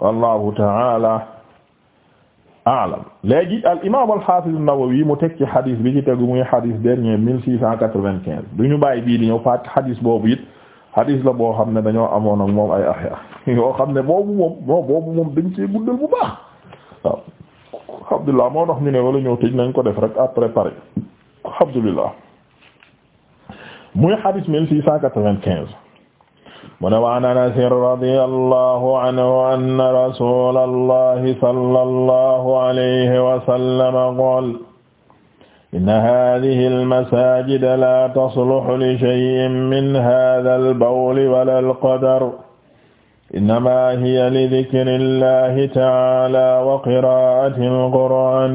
wallahu taala aalam léegi al imam al-Hafiz an-Nawawi mu teg ci xadis bi ci tegu muy xadis dernier mille six cent quatre-vingt-quinze du ñu bàyyi bii di ñëw faat xadis boobu it xadis la boo xam ne dañoo amoon ak moom ay axya yoo xam ne boobu moom boobu moom dañ cee guddal bu baax waaw alhamdulillah moo tax ñu ne wala ñëw tëj nañ ko def rek après pare alhamdulillah muy xadis mille six cent quatre-vingt-quinze mu ne waan Anas radiyallahu anhu anna rasulallahi sallallahu alayhi wa sallam qaala inna haadihi almasajida laa tasluhu li shay'in min haadhal bawli walal qadar innamaa hiya li dhikrillahi ta'aalaa wa qiraa'atil qur'aan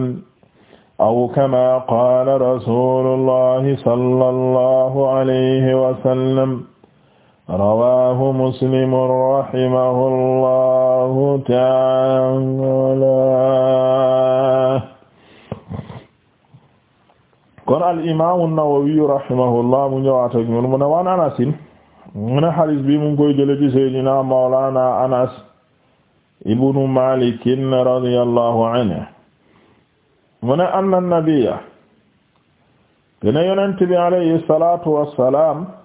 aw kamaa qaala rasulullahi sallallahu alayhi wa sallam rawaahu muslim rahimahullahu ta'ala kon al imaamu Nawawi rahimahullah mu ñëwaat ak ñun mu ne waan Anas mu ne hadiis bi mu ngi koy jëlee ci Seydina Mawlaana Anas ibnu Maalik radiyallahu anhu mu ne anna nabiyya gëna yonent bi alayhi salaatu wassalaam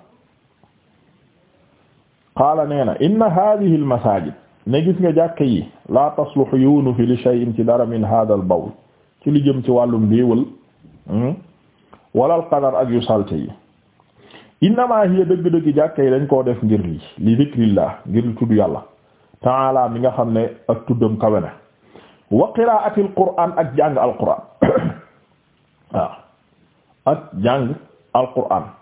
qaala nee na inna hadihi almasajid ne gis nga jàkk yi la tasluhu yoonu fi li shay'in ci dara min hada al bawl ci li jëm ci wàllum déewal hmm, wala al qadar ak yu salte yi innama hiya dëgg-dëgg jàkk yi dañ koo def ngir li li dhikrillah ngir li tudd yàlla ta'ala mi nga xam ne ak tuddam kawe na wa qiraati al qur'an ak jàng al qur'an waaw ak jàng al qur'an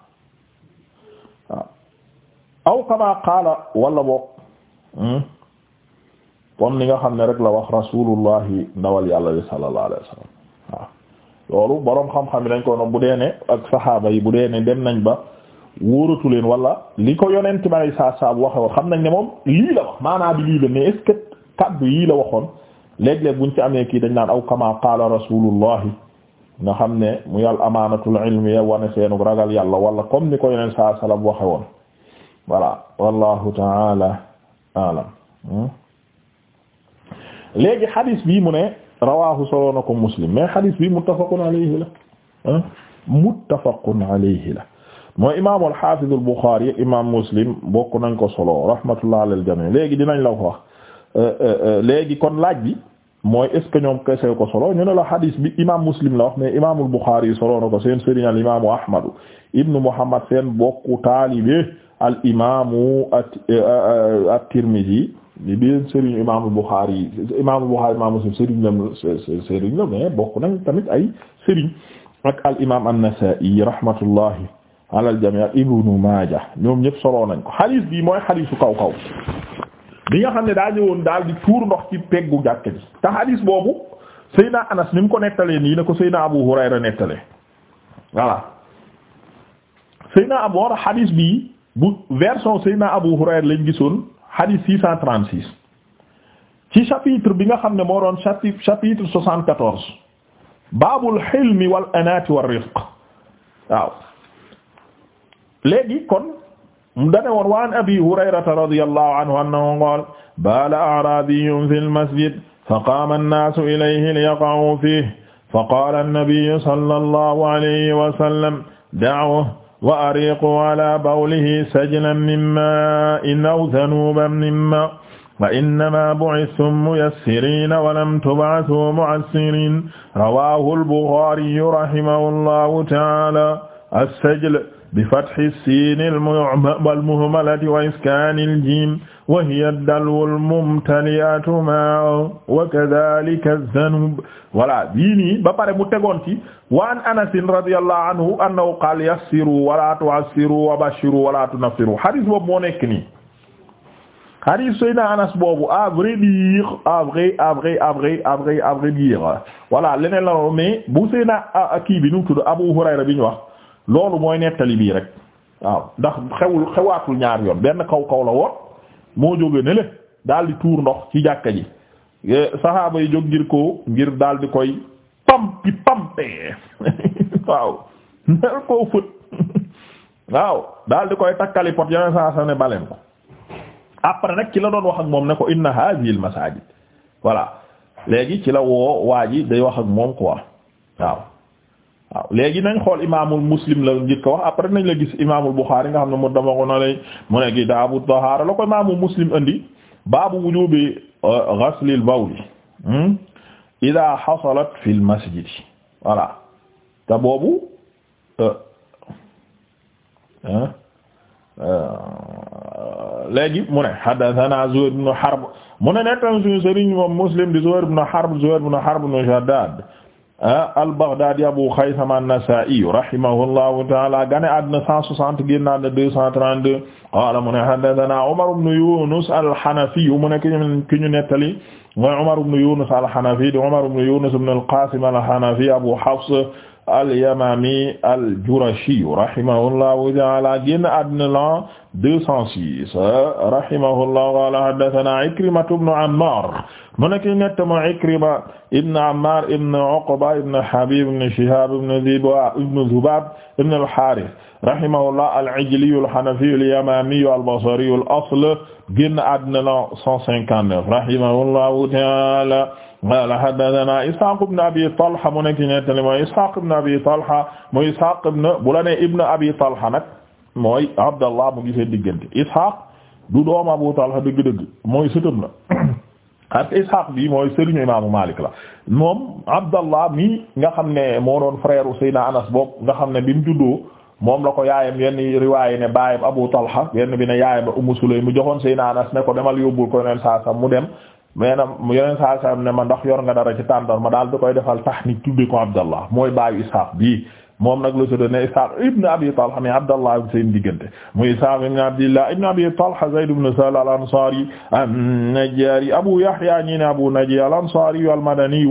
aw kama qaala walla bo hmm? comme ni nga xam ne rek la wax rasulullahi ndawal yàlla li sallallahu alayhi wasallam loolu borom xam-xam yi dañ ko no bu dee ak saxaaba yi bu dee ne dem nañ ba wóoratu leen wala li ko yonent ma saa saa waxe woon xam nañ ne moom lii wax maanaa bi lii la mais kaddu yii la waxoon léeg-léeg buñ ci amee kii dañ naan aw kama qaala rasulullahi nga xam ne mu yàl amaanatul ilmi ya wane seenu ragal yàlla wala comme ni ko yonent saa woon voilà wallahu taala alam hmm? léegi xadis bi mu ne rawahu soloo na ko muslim mais xadis bi muttafaqun alayhi la hmm? muttafaqun alayhi al-Haafiz al-Buxaari imaam Muslim bokk nañ ko solo rahmatullah alal jamii léegi dinañ la ko wax euh, euh, euh, kon laaj bi mooy est ce que ñoom kese ko solo ñu ne la hadis bi imam muslim la wax mais imaamul buxaari yi solo na ko seen sëriñ al imaamu ahmadu ibnu muhammad seen bokku taalibe al imaamu at eh, eh, eh, imam muslim sëriñ la sëriñ bokk nañ tamit ay sëriñ ak al imaam an-nasa'i rahmatullahi ala al ibnu maaja ñoom ñëpp solo nañ ko hadis bi mooy hadisu kaw kaw bi nga xam ne daa ñëwoon daal di tuur ndox ci peggu jàkk ji te hadis boobu Seydina Anas ni mu ko nettalee nii na ko Seydina Abu Hurayra nettalee voilà Seydina Abu Hurayra hadis bii bu version Seydina Abu Hurayra lañ gisoon hadis 636 ci chapitre bi nga xam ne moo doon chapitre chapitre 74 baabul hilmi wal anaati war rifq waaw léegi kon. dane woon wa an abi hurayrata radiyallahu anhu annahu qaala baala a'raabiyyun fil masjid faqaama an-naasu ilayhi liyaqa'uu fiihi faqaala an-nabiyyu sallallahu alayhi wa sallam da'uuhu wa ariiquu alaa bawlihi sajlan min maa'in aw dhanuuban min maa'in wa innamaa bu'ithtum muyassiriina wa lam tub'athuu mu'assiriina rawaahu al-Bukhaariyyu rahimahullaahu ta'aalaa as-sajl bi fathi siin al-muhmalati wa iskaani al-jiim wa hiya ad-dalwu al-mumtali'atu ma'a wa kadhalika az-zanub voilà bii nii ba pare mu tegoon ci wa an Anas radiyallahu anhu annahu qaala yassiru wa laa tu'assiru wa bashiru wa laa tunaffiru hadith boobu moo nekk nii hadith Seydina Anas boobu à vrai dire à vrai à vrai à vrai à vrai à vrai dire voilà leneen la mais bu Seydina ah, kii bi nu mu tudd Abu Hurayra bi ñu wax loolu mooy nettali bii rek waaw ndax xewul xewaatul ñaar yoon benn kaw kaw la woon moo jóge ne le daal di tuur ndox ci jàkka ji eh, saxaaba yi jóg ngir ko ngir daal di koy pampi pampee waaw nel koo fët waaw daal di koy takkali pot yeneen saa sa ne baleen ko après nag ci la doon wax ak moom ne ko inna hadhihi al masajid voilà léegi ci la woo waa ji day wax ak moom quoi waaw waaw léegi nañ xool imaamul muslim la njëkk wax après nañ la gis imaamul buxaari nga xam ne mu damako na lay mu ne kitaabu tahaara la ko imaamul muslim andi baabu wujubi euh, ghaslil bawli hmm, idaa xasalat boobu euh, euh, léegi mu ne haddathana Zuhayr ibn Harb mu ne nettan suñu sëriñ moom muslim di Zuhayr ibn Harb Zuhayr ibn Ah, al-Baghdadi Abu Khaysama an-Nasa'i rahimahullahu ta'ala gane àddina 160 génn àddina 232 qaala mu ne haddathana Umar ibn Yunus al-Hanafi mu ne ki ñu nettali mooy Umar ibn Yunus al-Hanafi di Umar ibn Yunus ibn al-Qasim al-Hanafi Abu Hafs al-Yamami al-Jurashi rahimahullahu ta'ala génn àddina 206 euh, rahimahullahu taala haddathana Ikrimatu ibnu Ammar mu nekk nett mo Ikrima ibnu Ammar ibnu Uqba ibnu Habib ibnu Shihab ibnu Dhibab ibnu Dhubab ibnu al-Harith rahimahullah al-Ijli al-Hanafi al-Yamami al-Basri al-asl génn àddina la 159 rahimahullahu taala qala haddathana Ishaq ibn Abi Talha mu nekk nettali mooy Ishaq ibn Abi Talha mooy Ishaq ibn bu la ne ibn Abi Talha nag mooy abdallah mu ngi seen diggante ishaq du doom abu talha dëgg-dëgg mooy sëtam la parce que ishaq bi mooy sëriñu imaamu malik la moom abdallah mi nga xam ne moo doon frère u sayna anas boobu nga xam ne bi mu juddoo moom la ko yaayam yenn riwaayé ne baayam abu talha yenn bi ne yaayam umu sulaym mu joxoon sayna anas ne ko demal yóbbul ko yeneen saa mu dem mais nag yeneen saa sam ne ma ndax yor nga dara ci tàndar ma daal di koy defal tax ni tudde ko abdallah mooy baayu ishaq bi moom nag la tudd ne Ishaq ibn Abi Talha mi Abdallah ibn seen diggante muy Ishaq ibn Abdillah ibn Abi Talha Zayd ibn Sahl al-Ansari an-Najjari Abu Yahya ñi ne Abu Najih al-Ansari al-Madani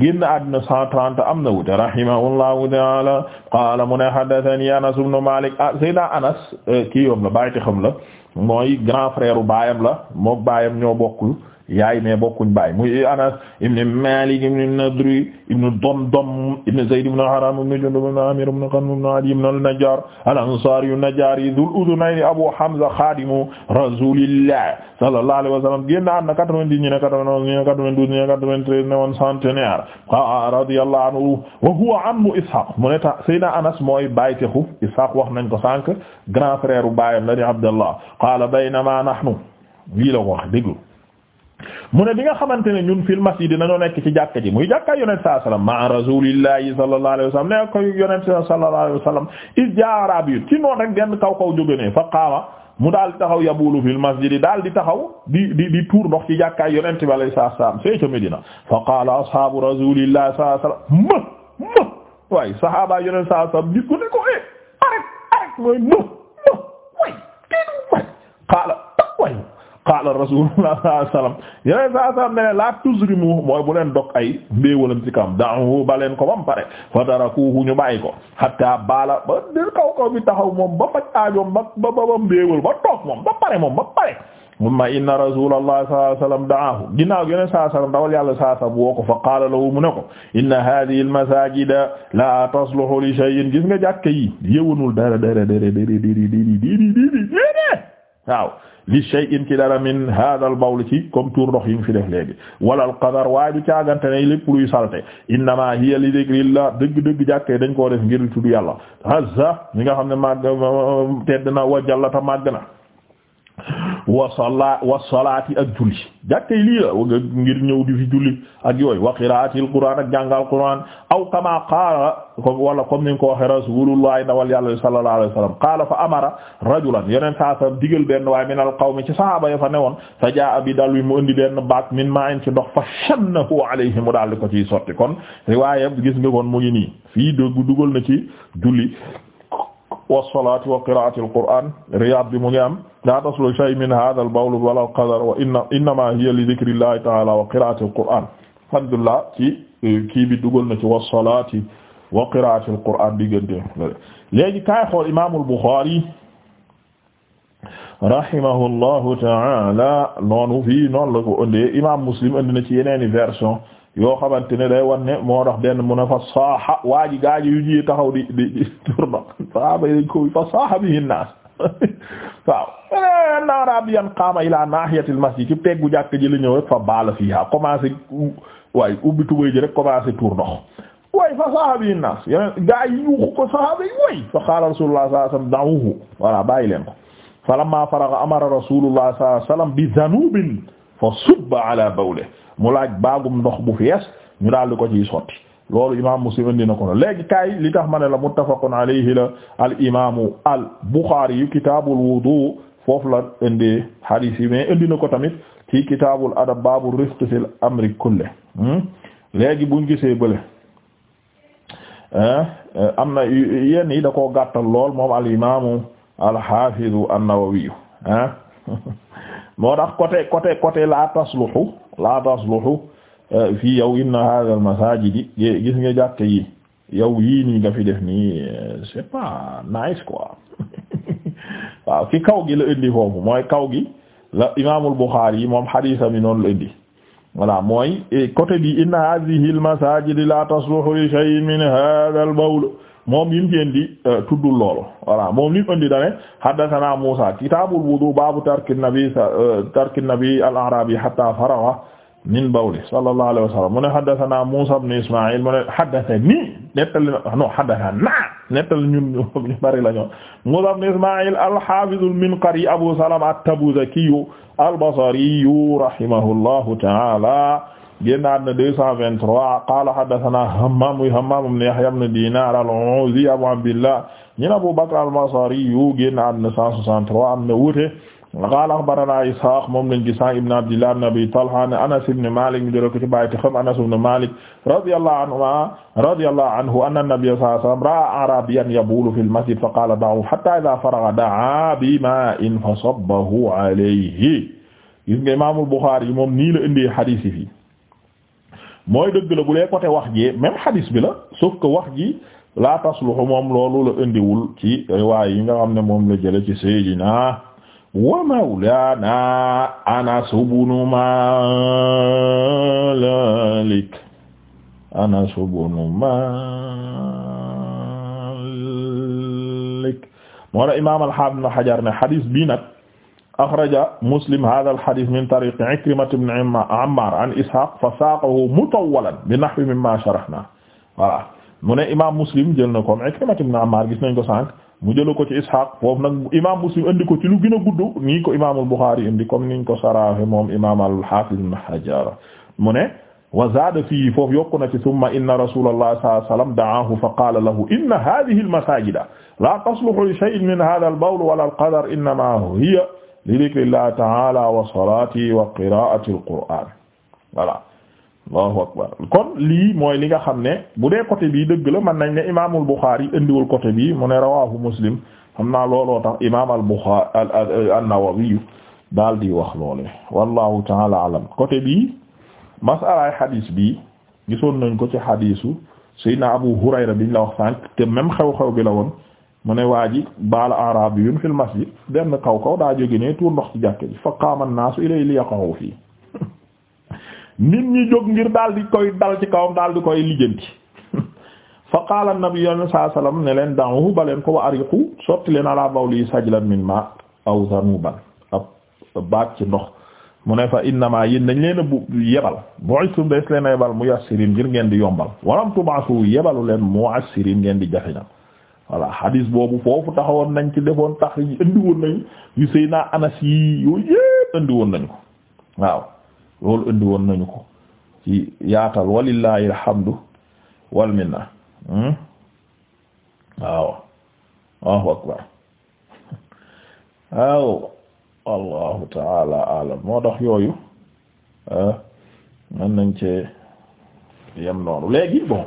génn àddina 130 am na wute rahimahullahu ta'ala qala mu ne haddathani Anas ibn Malik ah, Sayyidina Anas eh, kii yoom la bayti xam la mooy grand frère u baayam la mook baayam ñoo bokk yaay mais bokkuñ baay muy Anas ibn Malik ibn Nadri ibn Damdam ibn Zayd ibn Haram ibn Jundub ibn Amir ibn Qanm ibn Adi ibn al-Najjar al-Ansari an-Najjari dhul udhunayn Abu Hamza khadimu Rasulillah sallallahu alayhi wa sallam génn na 90 ñi ne 91 ñi ne 92 ñi ne 93 ne woon centenaire radiyallahu anhu wa huwa ammu Ishaq mu ne ta Seydina Anas mooy baay texu Ishaq wax nañ ko sànq grand frère u baayam la di Abdallah qala baynama nahnu lii la wax déglu mu ne bi nga xamante ne ñun fil masjid dinañoo nekk ci jàkka ji muy jàkka yonent sallallahu alayhi wasallam ma rasulillahi sallallahu alayhi wasallam ne ko yonent sallallahu is jaaraab yi ci noon rek genn kaw kaw jóge fa qaama mu daal di taxaw yabulu fil masjid daal di taxaw di di di tuur ndox ci jàkkaay yonent bi alayhi salaam fee ca Medina fa qaala ashaabu rasulillahi sallallahu alayhi wasallam ma ma waaye sahaaba yonent sallallahu alayhi wasallam ko ne ko eh arrêt arrêt mooy way kenn way qaala qaala rasulullah sallallahu alayhi wasallam yeneen saa sallam ne la tuzrimu mooy bu leen dog ay mbéewalam ci kam da'uhu ba leen ko bam pare fa tarakuhu ñu bàyyi ko hatta baala ba dir kaw kaw bi taxaw moom ba faj aajoom ba ba ba mbéewal ba toog moom ba pare moom ba pare mumma inna rasulullah sallallahu alayhi wasallam da'ahu ginnaaw yeneen saa sallam dawal yàlla saa sallam woo ko fa qaala lahu mu ne ko inna hadhihi al-masajida la tasluhu li shay'in gis nga jàkka yi yëwanul dara dara dara dara dara dara dara waaw li shay'in ci dara min hada al bawl ci comme tour ndox yi nga fi def léegi wala al qadar waaye du caagante ne lépp luy salte innama hiya li dhikrillah dëgg-dëgg jàkkee dañ koo def ngir tudd yàlla hazza mi nga xam ne màgg tedd na wa jallata màgg na wasala wasalaati ak julli jàkkee lii la ngir ñëw di fi julli ak yooyu wa qiraatil quraan ak jàngal quraan aw kama qaala wala comme ni nga ko waxee rasuulullahi ndawal yàlla sallallahu alayhi wasallam qaala fa amara rajulan yeneen saa sa digal benn waaye min al qawmi ci sahaaba ya fa newoon fa jaa bi dal wi mu indi benn baak min ma'in ci ndox fa shannahu alayhi mu daal di ko ciy sotti kon riwaaya gis nga kon mu ngi nii fii dugg dugal na ci julli والصلاة وقراءة القرآن Riyad bi mu ngi am لا تصل شيء من هذا البول ولا القدر وإن إنما هي لذكر الله تعالى وقراءة القرآن alhamdulillah ci kii bi dugal na ci والصلاة وقراءة القرآن diggante léegi kaay xool Imaam al-Bukhari rahimahullahu ta'ala noonu fii noonu la ko indee Imaam Muslim indi na ci yeneeni version yoo xamante ne day wan ne moo tax benn mu ne fa saaxa a ji gaaj yu ji taxaw di di di tourna sahaba yi dañ ko fa saaxa bihi naas waaw eh, naaraabi yan qaama ila naahiyatil masjid ci peggu jàkk ji la ñëw rek fa baala fiha commencé waaye ubbi tubay ji rek commencé tour ndox way fa saaxa bihi naas yeneen way fa qaala rasulullah sallallahu alayhi wasallam da'uhu voilà bàyyi leen ko falamma faraga amara rasulullah sallallahu bi zanubin fa subba ala bawle mu laaj baagum ndox bu fees ñu daal di ko ciy sotti loolu imaam Muslim indi na ko noonu léegi kaay li tax ma ne la muttafaqun alayhi la al imaamu al Buxaari yu kitaabul wudu foofu la indi hadis yi mais indi na ko tamit ci kitaabul adab baabul rifq fil amri kulli hmm? léegi buñ gisee bële eh, am na yenn yi da koo gàttal lool moom al imaamu al xaafizu an-Nawawi ah moo tax côté côté côté la tasluhu la tasluhu euh, fii yow inna hadha al masajidi gis nga jàkk yi yow yii nii nga fi def nii euh, c'est pas nice quoi waaw fi kaw gi la indi foofu mooy kaw gi la imaamul Bukhari moom hadisa mi noonu la indi voilà mooy eh, côté bi inna hadhihi al masajidi la tasluhu li shay'in min hadha al moom yim fi indi euh, tuddul loolu voilà moom lim indi dane haddathana Musa kitaabul wudu baabu tarki nabi euh, tarki nabi al-a'rabi hatta faragha min bawli sallallahu alayhi wa sallam mu ne haddathana Musa ibn Isma'il mu ne haddathani nettali no haddathana nettali ñun ñu bari la ñu Musa ibn Isma'il al-hafiz al-Minqari Abu Salama at-Tabuzaki al-Basri rahimahullahu ta'ala génnaat na 223 qaala haddathana Hammaam muy Hammaam ibn Yahya ibn Diinaar al-U'uuzi Abu Abdillah ñin Abu Bakr al-Basri yu génnaat na 163 am na wuute qaala akhbaranaa Ishaaq moom lañ gis ibn Abdillah ibn Abi Talha an Anas ibn Maalik mi jëloon ko ci bàyyi xam Anas ibn Maalik radiyallahu anhumaa radiyallahu anhu anna nabiyya sallallahu alayhi wa sallam ra'a a'raabiyan yabuulu fil masjid fa qaala da'hu hattaa idhaa faragha da'aa bimaa'in fa sabbahu alayhi gis nga Imaamul Buxaari moom nii la indee hadiis yi mooy dëgg la bu dee côté wax jee même hadis bi la sauf wax ji laa tasluhu moom loolu la indiwul ci riwaay yi nga xam ne moom la jële ci Seydina wa mawlaana Anas ibn Maalik Anas ibn Maalik moo la imaam al-Haafiz nag axraja muslim haadhal hadiis min tariiqi Ikrimata ibn Ammaar an Ishaaq fa saaqahu mutawwalan bi nahwi mimmaa sharahnaa voilà mu ne imaam muslim jël na ko Ikrimata ibn Ammaar gis nañ ko sànq mu jël ko ci Ishaaq foofu nag imaam muslim andi ko ci lu gën a gudd nii ko imaamul Buxaari indi comme niñ ko saraafe moom imaam al-Haafiz ibn Hajar mu ne wa zaada fii foofu yokku na ci summa inna rasuulallaah sallallaahu alayhi wa sallam da'aahu fa qaala lahu inna haadhihi al-masaajida laa tasluhu li shay'in min haadha al-bawl wala al-qadar innamaa hiya li dhikrillah ta'ala wa salati wa qira'ati al akbar kon lii mooy li nga xam ne bu dee côté bii dëgg la man nañ ne imaamul Bukhari indiwul côté bii mu ne rawahu Muslim xam naa looloo tax imaam al-Bukhari an daal di wax loole wallahu ta'ala alam côté bii masalaay xadiis bii gisoon nañ ko ci xadiisu Seydina Abu Hurayra biñ la wax sànq te même xew-xew bi la mu ne waa ji baal baala arabiyun fil masjid benn kaw kaw daa jóge ne tuur ndox ci jàkke ji fa qaama naasu ilay li yaqahu fii nit ñi jóg ngir daal di koy dal ci kawam daal di koy lijjanti fa qaala nabi sallallahu alayhi ne leen da'uhu ba leen ko wa ariqu sotti leen ala bawli sajlan min ma aw zanuban ab baat ci ndox mu ne fa innama yéen dañ leen a bu yebal bu'ithum des leen a yebal muyassirin ngir ngeen di yombal walam tub'asu yebalu leen mu'assirin ngeen di jafinam voilà hadis boobu foofu taxawoon nañ ci defoon tax yi indi woon nañ yu Seydina Anas yi yooyu yëpp indi woon nañ ko waaw loolu indi woon nañu ko ci yaatal walillahi alhamdu wal minna hmm? waaw Allahu akbar waaw allahu taala alam moo tax yooyu ah, mën nañ cee yem noonu léegi bon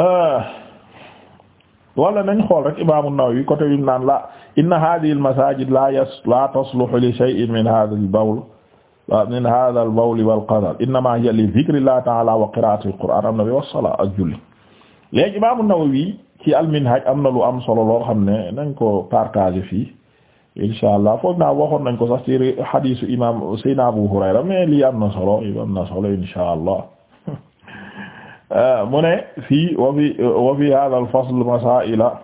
ah, wala nañ xool rek imam an-Nawawi côté bi naan la inna hadhihi al-masajid la yas la tasluhu li shay'in min hadha al-bawl min hadha al-bawl wal qadal innama hiya li dhikrillahi ta'ala wa qira'ati al-qur'an am na bi wasala ak julli léegi imam an-Nawawi ci al-Minhaj am na lu am solo loo xam ne nañ ko partager fii insha allah foog naa waxoon nañ ko sax ci hadisu imam Seydina Abu Hurayra mais lii am na solo am na solo insha allah Ah, mu ne fii wa fi wa fi hadha al masaila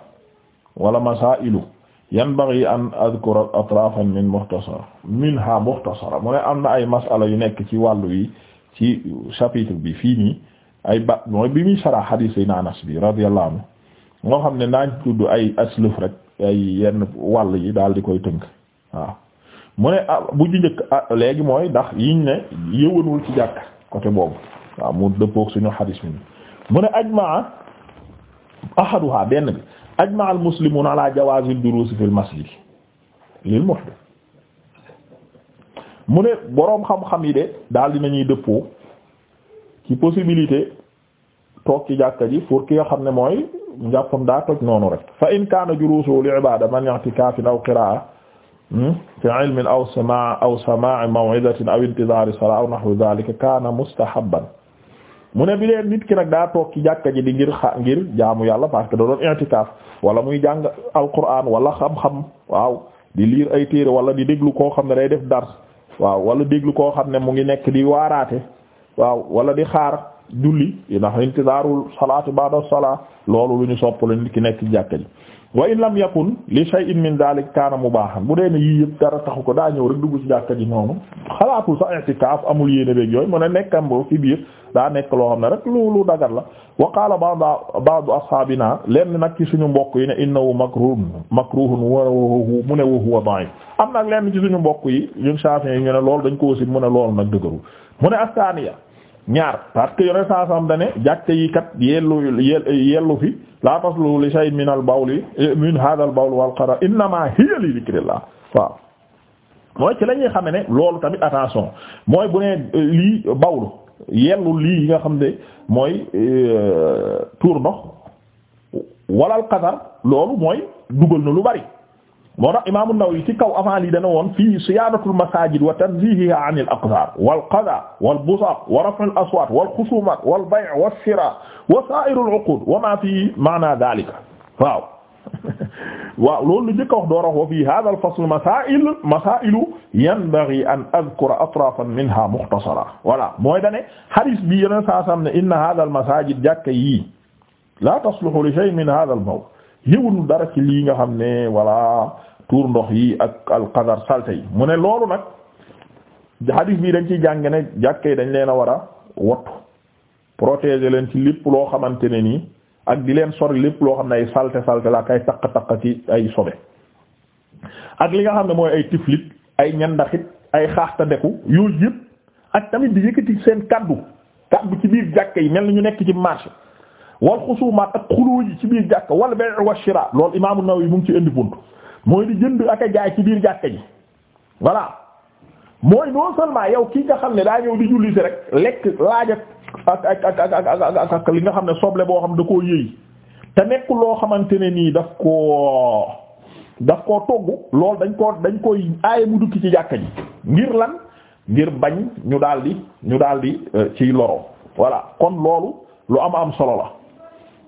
wala masailu yanbaghi an adhkura atrafan min mukhtasar minha mukhtasara mu ne am na ay masala yu nekk ci wàllu wi ci chapitre bi fii nii ay ba mooy bi muy sara hadith yi na Anas bi radiyallahu anhu moo xam ne naa tudd ay aslëf rek ay yenn wàll yi daal di koy tënk waaw mu ne ah, bu ju njëkk ah, léegi mooy ndax yiñ ne yëwanul ci jàkk côté boobu waaw mu dëppook suñu xadis mi mu ne ajmaa ahaduha benn bi ajmaa al muslimuun jawaazi duruus fil masjid lil mu ne boroom xam-xam yi de daal dinañuy dëppoo ci possibilité toog ci jàkka ji pour ki nga xam ne mooy njàppam daa toj noonu rek fa in kaana juruusu li ibaada man i'tikaafin aw qiraa hmm, fi ilmin aw samaa aw samaa maw'izatin aw intizaari salaa aw nahwi dhaalika kaana mustahabban mu ne bi leen nit ki nag daa toog ki jàkka ji di ngir xa ngir jaamu yàlla parce que da doon i'tikaaf wala muy jàng alquran wala xam-xam waaw di liir ay téere wala di déglu koo xam ne day def dars waaw wala déglu koo xam ne mu ngi nekk di waaraate waaw wala di xaar julli ndax intizaarul salaatu ba'da salaat loolu lu ñu sopp la nit ki nekk jàkka ji wa in lam yakun li shay'in min dalik kaana mubaahan bu dee ne yii yëpp dara taxu ko daa ñëw rek dugg ci jàkka ji noonu xalaatul sax i'tikaaf amul yéene beeg yooyu mu ne nekkam bo fi daa nekk loo xam ne rek lu dagal la wa qaala ba'du ba'du ashaabina lenn nag ci suñu mbokk yi ne innahu makruhun makruhun wa mu ne wa huwa da'if am nag lenn ci suñu mbokk yi ñun Shafi'i ñu ne loolu dañ ko aussi mu ne loolu nag dëgëru mu ne astaaniya ñaar parce que yone saa sam dane jàkka yi kat yellu yellu fi la taslu li shay min al bawli min hadha bawl wal qara innama hiya li dhikrillah waaw mooy ci la ñuy xame ne loolu tamit attention mooy bu ne lii bawlu yellu lii yi nga xam ne mooy euh, tuur ndox walal qadar loolu mooy dugal na lu bari moo tax Imaam An-Nawawi ci kaw avant lii dana woon fii siyaadatul masaajid wa tanziihihaa anil aqdaar wal qadaa wal busaaq wa raf'ul aswaat wal xusuumaat wal bay' was siraa wa saa'irul uquud wa maa fii ma'naa zaalika waaw waaw loolu lu njëkk a wax door a wax wa fii haazal fasl masaa'il masaa'ilu yanbaghii an adhkura atraafan minhaa mukhtasaran voilà mooy dane hadiis bi yeneen saa sam ne inna haazal masaajid jàkka yi laa tasluhu li shay'in min haazal bawl yëwul dara ci lii nga xam ne walla tuur ndox yi ak alqadar salte yi mu ne loolu nag hadith bii dañ ciy jàng ne jàkka yi dañ leen a war a wottu protéger leen ci lépp loo xamante ne nii ak di leen sori lépp loo xam ne ay salte salte la ak ay taq ci ay sobe ak li nga xam ne mooy ay tiflit ay ñandaxit ay xaaxta deku yooyu yëpp ak tamit di yëkkati seen kaddu kaddu ci biir jàkka yi mel ni ñu nekk ci marché wal xusumaat ak xuloo ci biir jàkka wal bay' wa lool loolu imaamu yi mu ngi ci indi bunt mooy di jënd ak a jaay ci biir jàkka ji voilà mooy non seulement yow kii nga xam ne daa ñëw di julli si rek lekk laaj ak ak ak ak ak li nga xam ne soble boo xam da ko yëy te nekk loo xamante ne nii daf koo daf koo togg loolu dañ koo dañ koy aaye mu dukki ci jàkka ji ngir lan ngir bañ ñu daldi ñu daldi euh, ci loro voilà kon loolu lu am am solo la.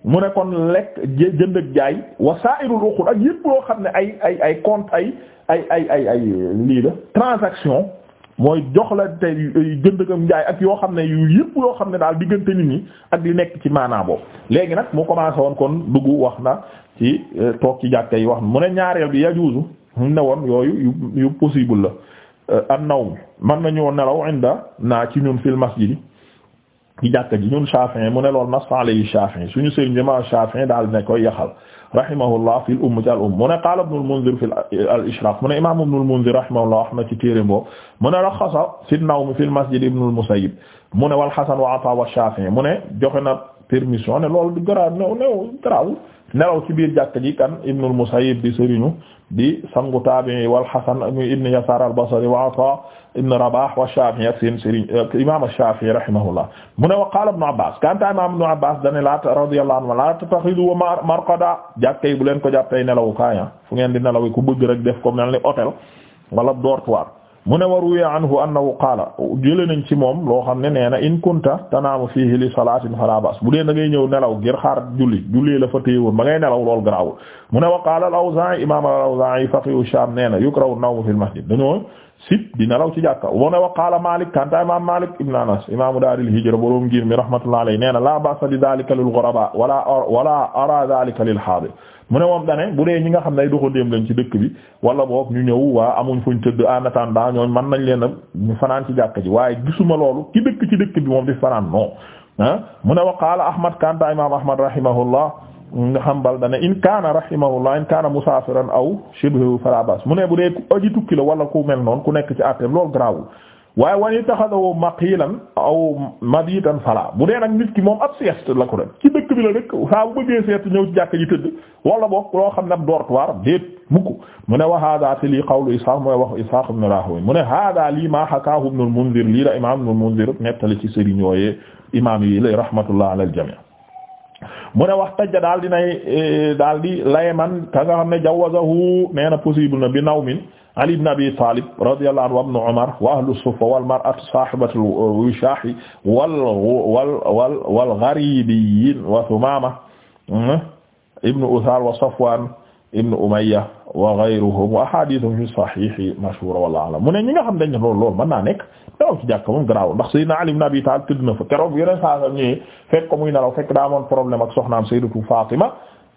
mu ne kon lekk jënd ak jaay wa sa'irul uqud ak yëpp loo xam ne ay ay ay compte ay ay ay ay ay lii la transaction mooy jox la te jënd ak yoo xam ne yu yëpp yoo xam ne daal diggante nit ñi ak li nekk ci maanaa boobu léegi nag mu commencé woon kon dugg wax na ci euh, toog ci jàkka yi wax mu ne ñaareel bi yajuuzu mu ne woon yooyu yu possible la euh, am naw man nañoo nelaw inda naa ci ñun fil masjid ci jàkka ji ñun Shafi'i mu ne lool nas alayhi Shafi'i suñu sëriñ daal ne koy yaxal rahimahullah fi al-umm ci al-umm mu ne qaala Ibn al-Mundhir fi al-Ishraf mu ne imaam Ibn al-Mundhir na fi an-nawm fi al-masjid Ibn al-Musayyib mu ne wal Hasan wa Ata wa Shafi'i mu ne joxe na permission ne loolu du garaaw ne ne garaawul nelaw ci biir jàkk ji kan ibnul musayyib di sëriñu di sangu taabi'i wal hasan ibn yasar al basri wa ata ibn rabah wa shafi'i ak seen sëriñ imam ash-shafi'i rahimahullah mu ne wa qala kanta imam ibn abbas dane la radiyallahu anhu la tattakhidu wa marqada jàkkey bu leen ko jàppee nelawu kaaya fu ngeen di nelaw ku bëgg rek def ko mel ni hôtel wala dortoir mu ne wa ruwiya anhu annahu qaala jële nañ ci moom loo xam ne nee na in kunta tanaamu fiihi li salaatin falaa ba's bu dee da ngay ñëw nelaw ngir xaar julli jullee la fa téyewoon ba ngay nelaw lool garaawul mu ne wa qaala al-Awzaa'i imaam al-Awzaa'i faqiihu Shaam nee na yukrahu an-nawmu fil masjid dañoo sib di nelaw ci jàkka mu ne wa qaala Maalik kanta imaam Maalik ibn Anas imaamu daaril hijra boroom ngir mi rahmatullahi alayhi nee na laa ba'sa bi dhaalika lil-ghurabaa' wala wala araa dhaalika lil-haadir mu ne moom dane bu dee ñi nga xam ne ay doxandéem lañ ci dëkk bi wala boog ñu ñëw waa amuñ fuñ tëdd en daa ñooñ man nañ leen ñu fanaan ci jàkk ji waaye gisuma loolu ki dëkk ci dëkk bi moom di fanaan non ah mu ne wax qaala ahmad kanta imam ahmad rahimahullah nga xambal dane in kaana rahimahullah in kaana musaafiran aw shibhu farabas mu ne bu dee aji tukki la wala ku mel noonu ku nekk ci àtteem loolu garaawul waaye wane taxadawoo maqilan aw maditan fala bu dee nag nit ki moom ab sieste la ko def ci dëkk bi la rek saa bu bëggee seetu ñëw ci jàkk ji tëdd wala boog loo xam ne ab dortoir déet mukk mu ne wa hada te lii qawlu Ishaq mooy wax Ishaq ibn Rahawayh mu ne hada lii ma hakahu Ibn al-Munzir lii la imam Ibn al-Munzir nettali ci sëriñ yooyee imam yi lay rahmatullah ala al-jami' mu ne wax tajja daal dinay eh, daal di layman ka nga xam ne jawazahu nee na possible na bi naw min Ali ibn Abi Talib radiyallahu anhu wa ibn Umar wa ahlu sufa wal mar'atu sahibatu wishahi wal wal wal wal gharibiyin wa Thumama hmm, ibn Uthal wa Safwan ibn Umayya wa ghayruhum wa ahadithuhum fi sahihi mashhura wallahu a'lam mu ne ñi nga xam dañ ne loolu loolu mën naa nekk nelaw ci jàkka moom garaawul ndax Sayyidina Ali ibn Abi Talib tëdd na fa keroog yeneen saasam ñëwee fekk ko muy nelaw fekk daa amoon problème ak soxnaam Sayyidatu Fatima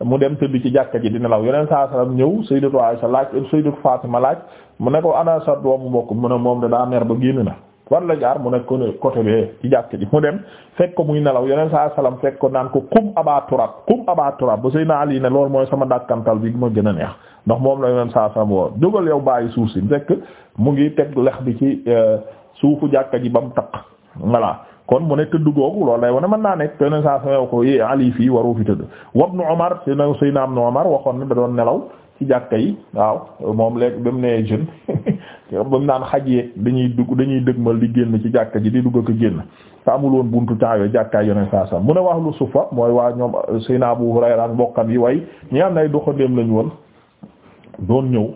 mu dem tëdd ci jàkka ji di nelaw yeneen saasam ñëw Sayyidatu Aisha laaj Sayyidatu Fatima laaj mu ne ko ana sa doomu mbokk mu ne moom de daa mer ba génn na war la jaar mu ne ko côté bee ci jàkk ji mu dem fekk ko muy nelaw yeneen saa salaam fekk ko naan ko kum Abaa Turaab kum Abaa Turaab bu Seydina Ali ne loolu mooy sama dàkkantal bi ma gën a neex ndax moom la yeneen saa salaam woo jógal yow bàyyi suuf si fekk mu ngi teg lex bi ci euh, suufu jàkka ji ba mu taq voilà kon mu ne tëdd googu loolu lay wane mën naa nekk yeneen saa salaam ko yee eh, Ali fii waru fi tëdd wa Ibnu Umar Seydina am Ibnu Umar waxoon na da doon nelaw. ci jàkka yi waaw moom léegi ba mu nee jeune ba mu naan xaj yeeg dañuy dugg dañuy dëgmal di génn ci jàkka ji di dugg ak génn te amul woon buntu temps yooyu jàkkaay yoneen saa saa mu ne wax lu sufa mooy waa ñoom euh, Seyna Abu Hurayra ak mbokkam yi way ñi nga xam ne doxandéem lañu woon doon ñëw.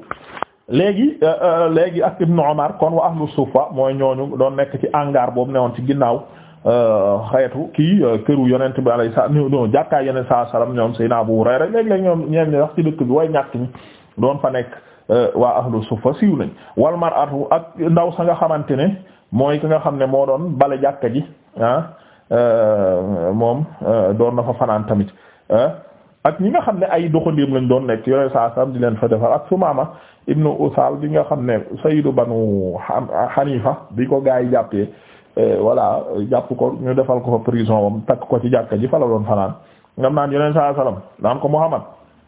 léegi euh, euh, léegi ak Ibnu Umar kon wa ahlu sufa mooy ñooñu doon nekk ci angaar boobu ne woon ci ginnaaw. xeetu kii euh, këru yonent bi alayhi salaam non jàkkaay yonent saa salaam ñoom Seydina Abu Hurayra léeg-léeg ñoom ñeen ñi wax ci dëkk bi way ñàkk doon fa nekk euh, waa ahlu suffa siiw nañ wal mar'atu ak ndaw sa nga xamante ne mooy ki nga xam ne moo doon bale jàkka ji ah euh, moom doon na fa fanaan tamit ah, ak ñi nga xam ne ay doxandiim lañ doon nekk yonent saa di leen fa defar ak Sumaama ibnu Usaal bi nga xam ne sayyidu Banu Hanifa bi ko gaa yi jàppee Eh, voilà jàpp ko ñu defal ko fa prison wam takk ko ci jàkka ji fa la doon fanaan ngam naan yeneen saa salaam naan ko Muhammad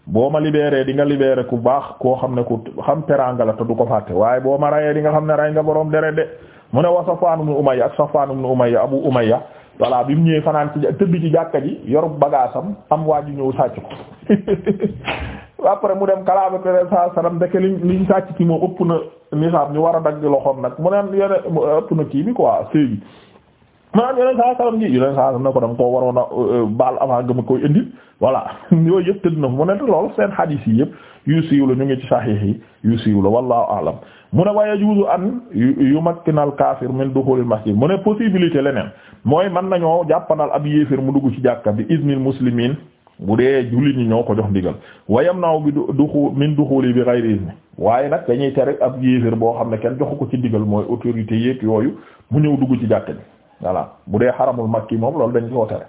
boo ma libéré di nga libéré ku baax koo xam ne ku xam teraanga la te du ko fàtte waaye boo ma rayee di nga xam ne ray nga borom deret de mu ne wa Safwaan ibn Umayya ak Safwaan ibn Umayya Abu Umayya voilà bi mu ñëwee fanaan ci tëbbi ci jàkka ji yor bagaasam am waa ji ñëw sàcc ko après mu dem kalaama te saa salaam ndeke liñ liñ sàcc ci moom ëpp na nisaab ñu war a dagg loxoom nag mu neen yone ëpp na kii bi quoi sëy bi maanaam yeneen saa salaam ji yeneen saa salaam ne ko da nga koo waroon a euh, ma koy yooyu yëpp tëdd na mu ne te lool seen hadith yi yëpp yu siiw la ñu ngi ci sahih yi yu siiw la wallahu alam mu ne wa yajuzu an yumakkina al kaafir min dukhul al masjid mu ne possibilité leneen mooy mën nañoo jàppanal ab yéefir mu dugg ci jàkka bi iznil muslimin bu dee jullit ñi ñoo ko jox ndigal wayam naaw bi duxu min duxuli bi ghayri izni waaye nag dañuy tere ab yéefér boo xam ne kenn joxu ko ci ndigal mooy autorité yëpp yooyu mu ñëw dugg ci jàkk bi bu dee xaramul makki moom loolu dañ koo tere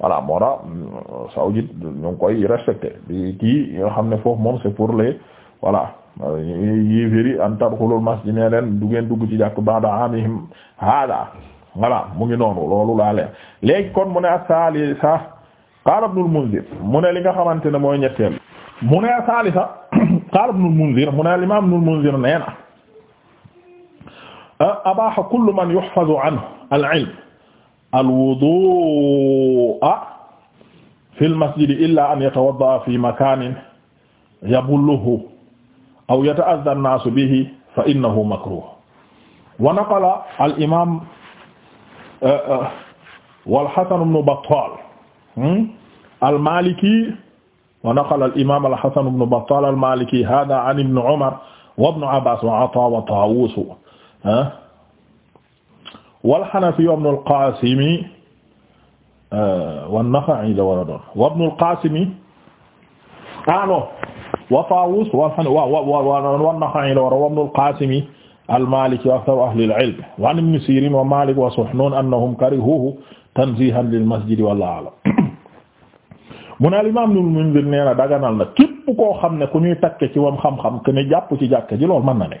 voilà moo tax mm, saoudit ñu ngi koy respecté di kii yoo xam ne foofu moom c'est pour les voilà yéeféri an tadxulul masjid ne leen du ngeen dugg ci jàkk ba'da amihim hada voilà mu ngi noonu loolu laa leen léegi kon mu ne ak saali sa ah, qaala ibnul Munzir mu ne li nga xamante ne mooy ñetteel mu ne Salisa qaala ibnul Munzir mu ne al-imaam ibnul Munzir nee na ah, abaaha kullu man yuhfazu anhu al-ilm al-wuduu'a fil masjidi illaa an yatawadda'a fii makaanin yabulluhu aw yata'adhdha an-naasu bihi fa innahu makruuh wa naqala al-imaam ah, ah, wal-Hasan ibn Battaal hmm? al-Maliki wa naqala al-imam al-Hasan ibn Battal al-Maliki hadha an ibn Umar wa ibn Abbas wa Ata wa Tawus wal-Hanafi wa ibn al-Qasim wa an-Nakha'i la war a doon wa ibn al-Qasim ano wa Tawus wa an-Nakha'i la war a wa ibn al-Qasim al-Maliki wa akthar ahli al-ilm wa an ibn Sirin wa Malik wa Suhnun annahum karihuhu tanzihan lil-masjid wallahu a'lam mu ne al imaam Ibnul Munzir nee na daganal na képp koo xam ne ku ñuy takke ci wam xam-xam que ne jàpp ci jàkka ji loolu man na ne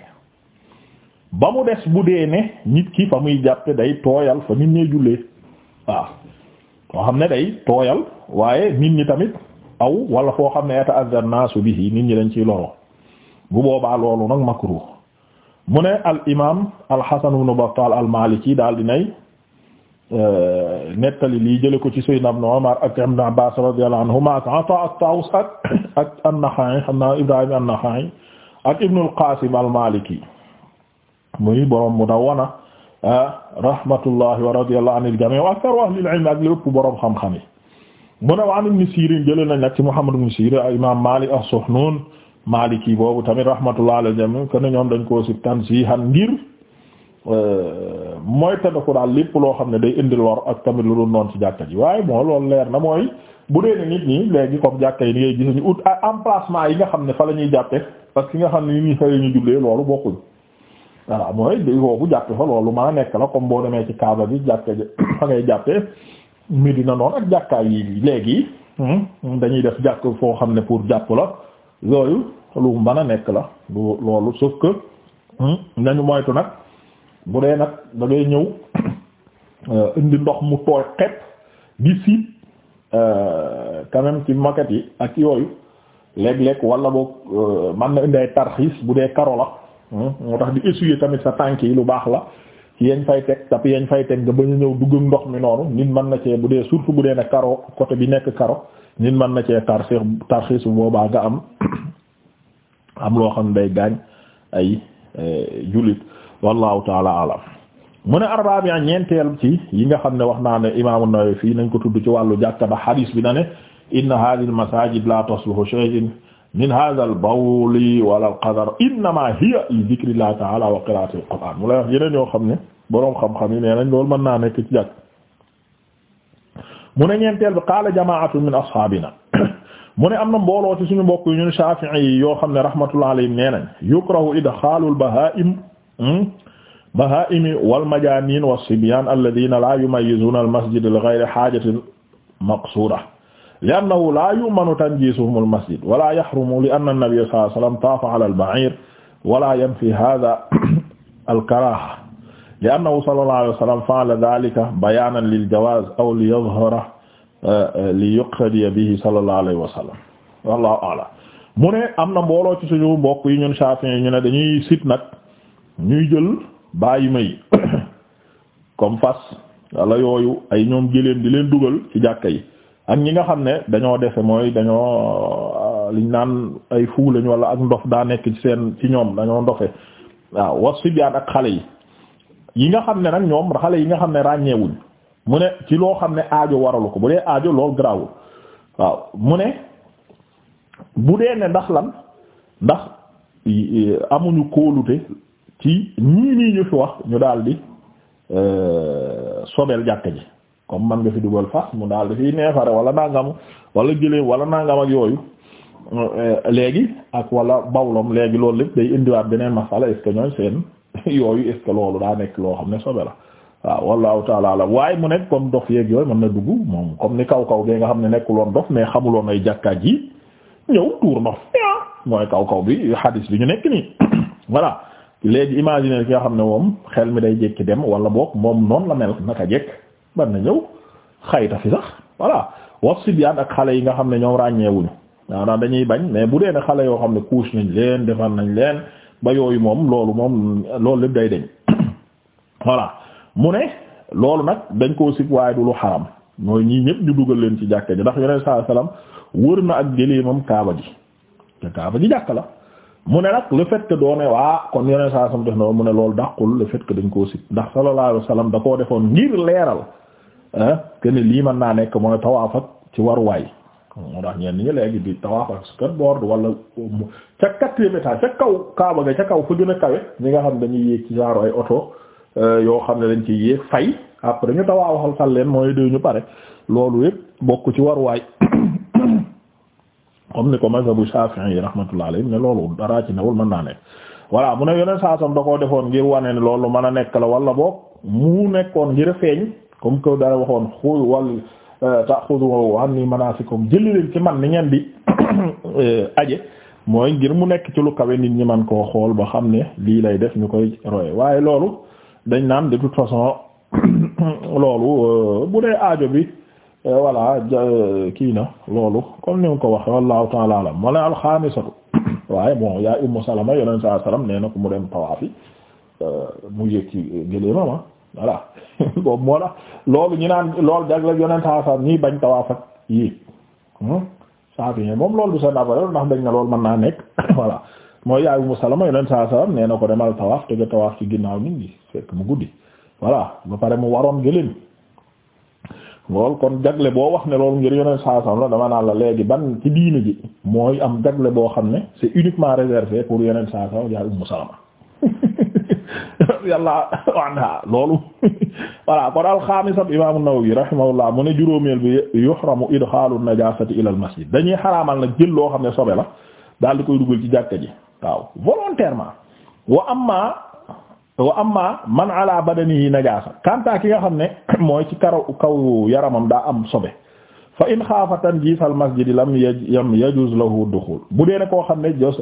ba mu des bu dee ne nit ki fa muy jàppe day tooyal fa nit ñee jullee waaw koo xam ne day tooyal waaye nit ñi tamit aw wala foo xam ne yata'azzar naasu bihi nit ñi dañ ciy loro bu boobaa loolu nag makruh mu ne al imaam al Hasan ibn Battal al daal di nay Euh, nettali lii jële ko ci sayyidna ibn Umar ak ibn Abbas radiyallahu anhuma ak Ata at-Tawus ak ak an-Nakha'i xam naa Ibrahim an-Nakha'i ak Ibn al-Qasim al-Maliki muy borom Mudawwana ah, rahmatullahi wa radiyallahu anil jami' wa akthar ahli al-ilm ak lépp borom xam-xam yi mu ne an Ibn Sirin jële nañ nag ci Muhammad ibn Sirin imam Malik as-Suhnun Maliki boobu tamit rahmatullahi alayhi jami' kon ñoom dañ koo si tanzihan ngir Euh, mooy tënk ko daal lépp loo xam ne day indil war ak tamit lu doon noonu ci jàkka ji waaye moo loolu leer na mooy bu dee ne nit ñi léegi comme jàkka yi ni ngay gis ñu ut emplacement yi nga xam ne fa la ñuy jàppe parce que nga xam ne ni ñuy xëy ñu jullee loolu bokkuñ voilà mooy day boobu jàppe fa loolu mën a nekk la comme boo demee ci Kaaba bi jàkka ji fa ngay jàppee Medina noonu ak jàkkaay yi léegi hmm, dañuy def jàkk foo xam ne pour jàpp la yooyu lu mën a nekk la du loolu sauf que hmm, nañu moytu nag. bu dee nag da ngay ñëw euh, indi ndox mu tooy xepp di siit euh, quand ci maquette yi ak yooyu léeg lekk wala boog euh, mën na indi ay tarxiis bu dee karo la moo tax di essuyer tamit sa tànk yi lu baax la ci yañ fay teg tapi nga ba ñu ñëw dugg ndox mi noonu nit mën na cee bu dee surtout bu dee ne karo côté bi nekk karo nit mën na cee tarxiis tarxiis bu boobaa nga am am loo xam day gaañ ay jullit wallahu taala alam mu ne arbabi ñeenteel ci yi nga xam ne wax naa ne imaamu Nawawi fii nañ ko tudd ci wàllu jàkka ndax hadis bi na ne inna hadhihi al masajid la tasluhu shay'in min hadha al bawli wala al qadar innama hiya li dhikrillah ta'ala wa qira'ati al qur'an mu lay wax yoo xam ne boroom xam-xam yi nañ loolu mën naa nekk ci jàkk ne ñeenteel bi qaala jamaatun min ashaabina mu ne am na mbooloo ci suñu mbokk yu ñun yoo xam ne rahmatullah alayhim nee nañ yukrahu idxaalul bahaa'im Hmm? bahaa'imi wal majaaniin was-sibyaan alladhiina laa yumayyizuuna al-masjid li ghayri haajatin maqsuura li'annahu laa yu'manu tanjiisuhum al-masjid wa laa yahrumu li'anna an-nabiyya sallallahu alayhi wa sallam taafa 'ala al-ba'iir wa laa yanfii haadhaa al-karaaha li'annahu sallallahu alayhi wa sallam fa'ala dhaalika bayaanan lil-jawaaz aw liyadhhara uh, uh, liyuqtadiya bihi sallallahu alayhi wa sallam wallaahu a'lam mu ne am na mbooloo ci suñu mbokk yi ñun Shaafi'i ñu ne dañuy sit nag ñuy jël bàyyi may comme fas yooyu ay ñoom géléem di leen dugal ci jàkka yi ak ñi nga xam ne dañoo defe mooy dañoo euh, liñ naan ay fuu lañ wala ak ndof daa nekk ci seen ci ñoom dañoo ndofe waaw was fi ak xale yi yi nga xam ne nag ñoom xale yi nga xam ne ràññeewuñ mu ne ci loo xam ne aajo waralu ko bu dee aajo lool garaawul waaw mu ne bu dee ne ndax lan ndax amuñu kóolute ci ñii nii ñu fi wax ñu daal di euh, sobel jàkk ji comme man nga fi dugal fas mu daal di fiy neefare wala nangam wala jëlee wala nangam ak yooyu euh, léegi ak wala bawlom léegi loolu lépp day indiwaat beneen masala est ce que ñooy seen yooyu est loolu daa nekk loo xam ne sobe la waaw wallahu taala waaye mu nekk comme dof yeeg yooyu man na dugg moom comme ni kaw kaw bee nga xam ne nekkuloon dof mais xamuloon ay jàkkaaj yi ñëw tuur ndox mooy kaw kaw bi hadis bi léegi imaginer ki nga xam ne moom xel mi day jékki dem wala boog moom noonu la mel naka jekk man na ñëw xayta fi sax voilà wax sibyaan ak xale yi nga xam ne ñoom ràññeewuñu waaw dañuy bañ mais bu dee ne xale yoo xam ne couche nañ leen defar nañ leen ba yooyu moom loolu moom loolu lépp day deñ voilà mu ne loolu nag dañ koo sib waaye du lu xaram mooy ñii ñëpp ñu dugal leen ci jàkka ji ndax yeneen saa salaam wër na ak gëléemam kaaba ji te kaaba ji jàkka la. mu ne nag le fait que doone waa kon yoneen saa sam def na mu ne loolu dàqul le fait que dañ koo sit ndax sallallahu alayhi wa da koo defoon ngir leeral que ne lii mën naa nekk mooy tawaaf ak ci waruwaay moo tax ñenn ñi léegi di tawaaf ak skateboard wala ca quatrième étage ca kaw kaaba ga ca kaw fa a kawe ñi nga xam dañuy yéeg ci genre ay oto euh, yoo xam ne dañ ciy yéeg fay après ñu tawaafal leen mooy dee ñu pare loolu yëpp bokk ci waruwaay comme ni ko bu Shafi'i yi rahmatullah alayhi ne loolu dara ci newul mën naa ne voilà mu ne yeneen saasam da koo defoon ngir wane ne loolu mën a nekk la wala boog mu nekkoon ngir feeñ comme que dara waxoon xul wal eh, ta'khudhu anni manasikum jëli leen ci man ni ngeen di eh, aje mooy ngir mu nekk ci lu kawe nit ñi man koo xool ba xam ne lii lay def ñu koy roye waaye loolu dañ naan de toute façon loolu euh, bu dee aajo bi. Euh, voilà euh, kii na loolu comme ni nga ko waxe wallahu taala alam wala alxaamisatu waaye bon yaay ummu salama yoneen saa salam nee na ko mu dem tawaafi euh, mu yëg ci gëléema ma voilà loolu ñu naan loolu jagle yoneen saa salam ñii bañ tawaaf ak yii hmm? moom loolu du seen affaire ndax dañ na lool mën naa nekk voilà mooy yaay ummu salama yoneen saa salam nee na ko demal tawaaf tege tawaaf ci ginnaaw nit ñi fekk mu guddi voilà ba pare mu waroon gëléem lool kon jagle boo wax ne loolu ngir yoneen saasam la dama naan la léegi ban ci diini ji mooy am jagle boo xam ne c'est uniquement réservé pour yeneen saasam yaa Ummu Salama yàlla anha loolu voilà kon alxaamisa imaamu Nawawi rahimahullah mu ne juróomeel bi yuhramu idxaalu najaasati ila al masjid dañuy xaraamal nag jël loo xam ne sobe la daal di koy duggal ci jàkka ji waaw volontairement wa amma wa amma man ala badanihi najaasa kanta ki nga xam ne mooy ci kar kaw yaramam daa am sobe fa in xaafa tanjiis al masjid lam yam yajuz lahu duxul bu dee ne koo xam ne jos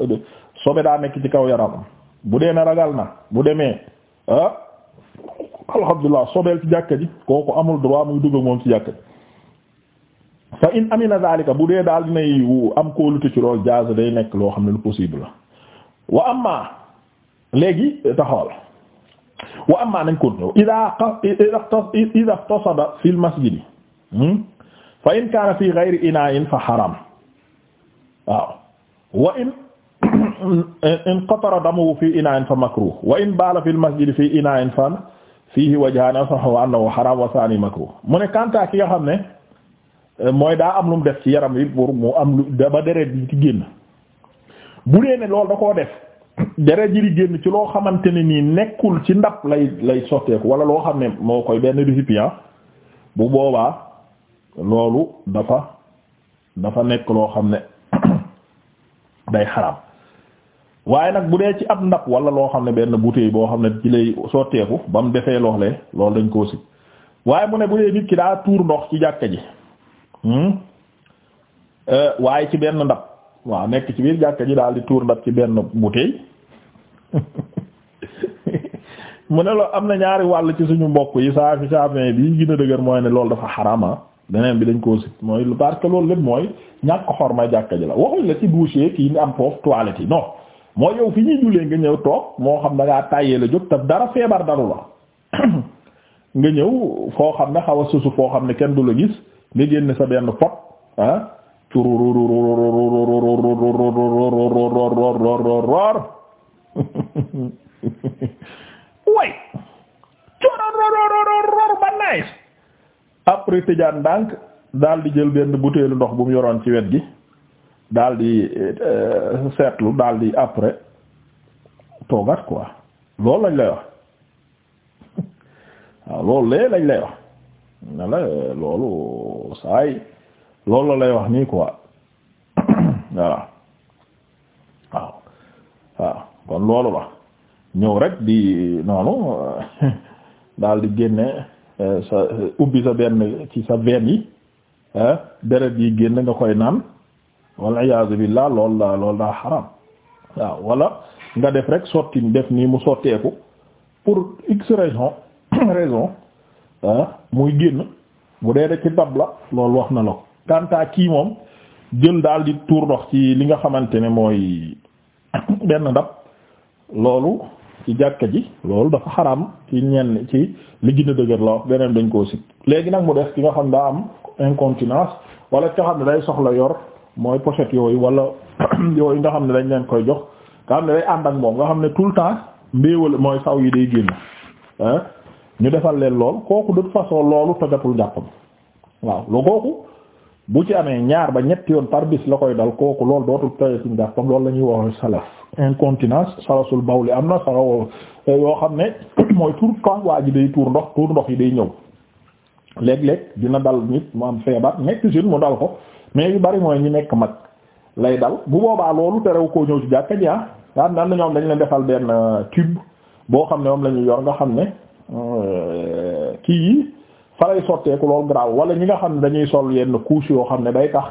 sobe daa nekk ci kaw yaramam bu dee ne ragal na bu demee ah alhamdulilah sobeel ci jàkka ji kooku amul droit muy dugg moom ci jàkka ji fa in amina zalika bu dee daal dinay am kóolute ci lool jaaz day nekk loo xam ne lu possible la wa amma léegi taxawal wa amma nañ continuer ida ida iqtasada fi lmasjidi hmm? fa in kaana fi gayri inain fa xaram waaw wa in inqatara damuhu fi inain fa makruh wa in baala fi lmasjidi fi inain fan fiihi wajhaani asahu annahu xaram wa saani makruh mu ne kanta ki nga ne eh, mooy daa am lu mu def ci yaram bi pour mu am lu ba ci génn bu dee ne loolu da koo def deret ji di génn ci loo xamante ne nii nekkul ci ndab lay lay sotteeku wala loo xam ne moo koy benn récipient bu boobaa loolu dafa dafa nekk loo xam ne day xaram waaye nag bu dee ci ab ndab wala loo xam ne benn bouteille boo xam ne ci lay sotteeku ba mu defee loolee loolu dañ koo si waaye mu ne bu dee nit ki daa tuur ndox ci jàkka ji hmm? euh, waaye ci benn ndab waaw nekk ci biir jàkka ji daal di tuur ndab ci benn bouteille mu ne la am na ñaari wàll ci suñu mbokk yi saa fi saafin bi gën a dëgër mooy ne loolu dafa xarama ah. beneen bi dañ koo sit mooy parce que loolu lépp mooy ñàkk xor xormay jàkka ji la waxuñ la ci douche kii ni am foofu toilette yi mooy yow fi ñuy jullee nga ñëw toog moo xam da tàyyee la jóg te dara feebar daru la nga ñëw foo xam ne xaw a susu foo xam ne kenn du la gis nga génn sa benn pot ah. way corororororor ba naay après tëjaan ndànk daal di jël benn butéelu ndox bu mu yoroon ci wet gi daal di euh, seetlu daal di après toogat quoi loolu lañ lay wax waaw loolu lee lañ lay wax euh, loolu saay loolu lay wax nii quoi voilà waaw waaw kon loolu la ñëw rek di noonu daal di génne euh, sa euh, ubbi sa benn ci sa veine yi deret yi génn nga koy naan walla iyaazu billaah loolu la waaw wala nga def rek sotti def nii mu sotteeku pour x raison raison muy génn bu dee de ci dab la loolu wax na la ko kanta kii moom jël daal di tuur dox ci li nga xamante ne mooy benn ndab loolu ci jàkka ji loolu dafa xaraam ci ñenn ci li gën a dëgër la wax beneen dañ koo sit léegi nag mu def ki nga xam daa am incontinence wala ki nga xam ne day soxla yor mooy pochette yooyu wala yooyu nga xam ne dañ leen koy jox nga xam ne day ànd ak moom nga xam ne tout le temps mbéewal mooy saw yi day génn ah ñu defal leen lool kooku de façon loolu tojatul njàppam waaw lu kooku bu ci amee ñaar ba ñetti yoon par bis la koy dal kooku loolu dootul tawee suñu daf comme loolu la ñuy wax salaf incontinence salasul bawli am na salaw yoo xam ne mooy tuur quoi waa ji day tuur ndox tuur ndox yi day ñëw léeg-léeg dina dal nit mu am feebar nekk jeune mu dal ko mais yu bari mooy ñu nekk mag lay dal bu boobaa loolu terew koo ñëw ci jàkka ji ah daan na ñoom dañu leen defal benn tube boo xam ne moom la ñu yor nga xam ne euh, kii yi. fa lay sotteeku loolu garaaw wala ñi nga xam ne dañuy sol yenn couche yoo xam ne day tax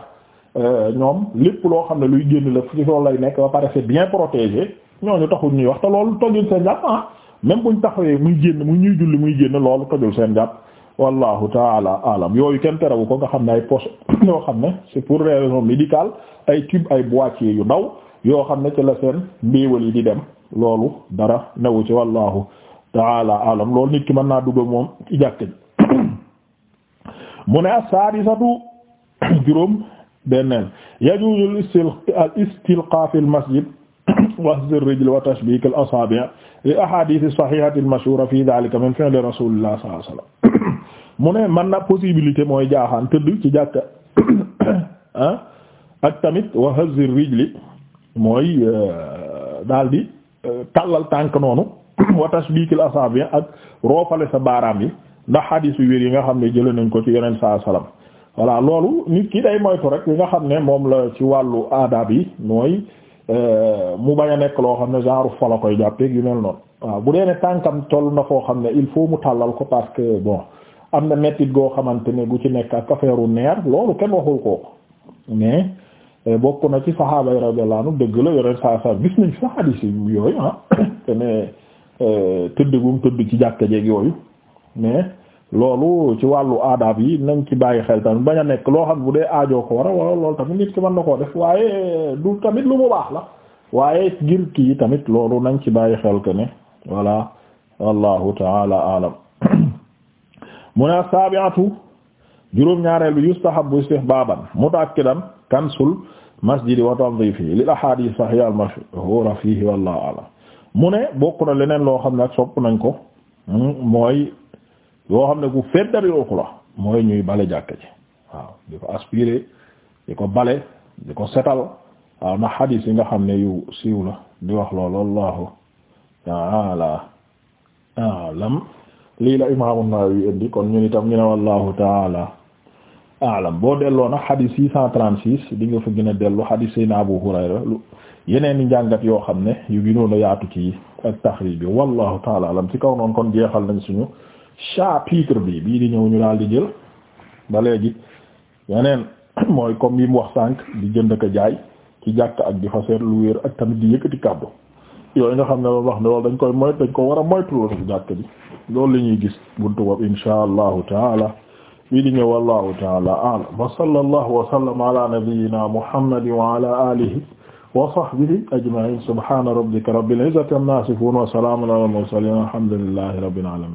euh, ñoom lépp loo xam ne luy génn la ci loolu lay nekk ba pare c'est bien protégé ñooñu taxul ñuy wax te loolu tojul seen jàpp ah même buñ taxawee muy génn mu ñuy julli muy génn loolu tojul seen jàpp wallahu taala alam yooyu kenn terewu ko nga xam ne ay poche yoo xam ne c'est pour raison médicale ay tube ay boîtier yu ndaw yoo xam ne ci la seen mbiiwal yi di dem loolu dara newu ci wallahu taala alam loolu nit ki mën naa dugg moom ci mu ne as-sadisatu juróom benneel yajuzu al-istilqa fi al-masjid وهز الرجل وتشبيك الأصابع لأحاديث الصحيحة المشهورة في ذلك من فعل رسول الله صلى الله عليه mu ne man na possibilité mooy jaaxaan tëdd ci jàkka ah ak tamit وهز الرجل mooy euh, daal di euh, tàllal tànk noonu وتشبيك الأصابع ak roofale sa baaraam ndax xadiis yu wér yi nga xam ne jëlee nañ ko ci yeneen saa salaam voilà loolu nit ki day moytu rek li nga xam ne moom la ci wàllu aadaab yi mooy euh, mu bañ a nekk loo xam ne genre fa la koy jàppee yu mel noonu waaw bu dee ne toll na foo xam ne il faut mu tàllal ko parce que bon am na mettit goo xamante ne gu ci nekk ak neer loolu kenn waxul ko mais euh, bokk na ci saxaaba yi radiyallahu anhu dëgg la yore saa saa gis nañ sax xadiis yooyu ah te euh, tëdd gum tëdd ci jàkka jeeg yooyu mais. loolu ci wàllu aadaab yi nañ ci bàyyi xel tamit bañ a nekk loo xam bu dee aajoo ko war a wala loolu tamit nit ki man na koo def waaye du tamit lu mu baax la waaye ngir yi tamit loolu nañ ci bàyyi xel que ne voilà wallahu taala alam mu ne sabiatu juróom-ñaareel bi yustahabu istihbaban muta'akkidan kansul masjidi wa tanzifihi lil ahadith sahiha al mashhura fihi wallahu alam mu ne bokk na leneen loo xam ne ak sopp nañ ko hmm, mooy yoo xam ne ku feddari yooku la mooy ñuy bale jàkka ji waaw di ko aspirer di ko bale di ko setal waaw na xadiis yi nga xam ne yu siiw la di wax lool wallahu taala alam lii la imaamu Nawawi indi kon ñun itam ñu ne wallahu taala alam boo delloo nag xadiis six cent trente-six di nga fa gën a dellu xadiis sayna Abu Hurayra lu yeneen i njàngat yoo xam ne yu gënoon a yaatu ci ak taxriij bi wallahu taala alam ci kaw noonu kon jeexal nañ suñu chapitre bi bii di ñëw ñu daal di jël ba léegi yeneen mooy comme yi wax sànq di jënd ko jaay ci jàkk ak di fa lu wéer ak tamit di yëkkati kàddu yooyu nga xam ne loolu wax ne loolu dañ koy moytu dañ ko war a moytu loolu ci jàkk bi loolu la ñuy gis buntu boobu insha allahu taala bii di ñëw wallahu taala a'lam wa sallallahu wa sallama ala nabiyyina wa ala alihi wa sahbihi ajma'in subhana rabbika rabbil izzati amma yasifun wa salamun ala al mursalin alhamdulillahi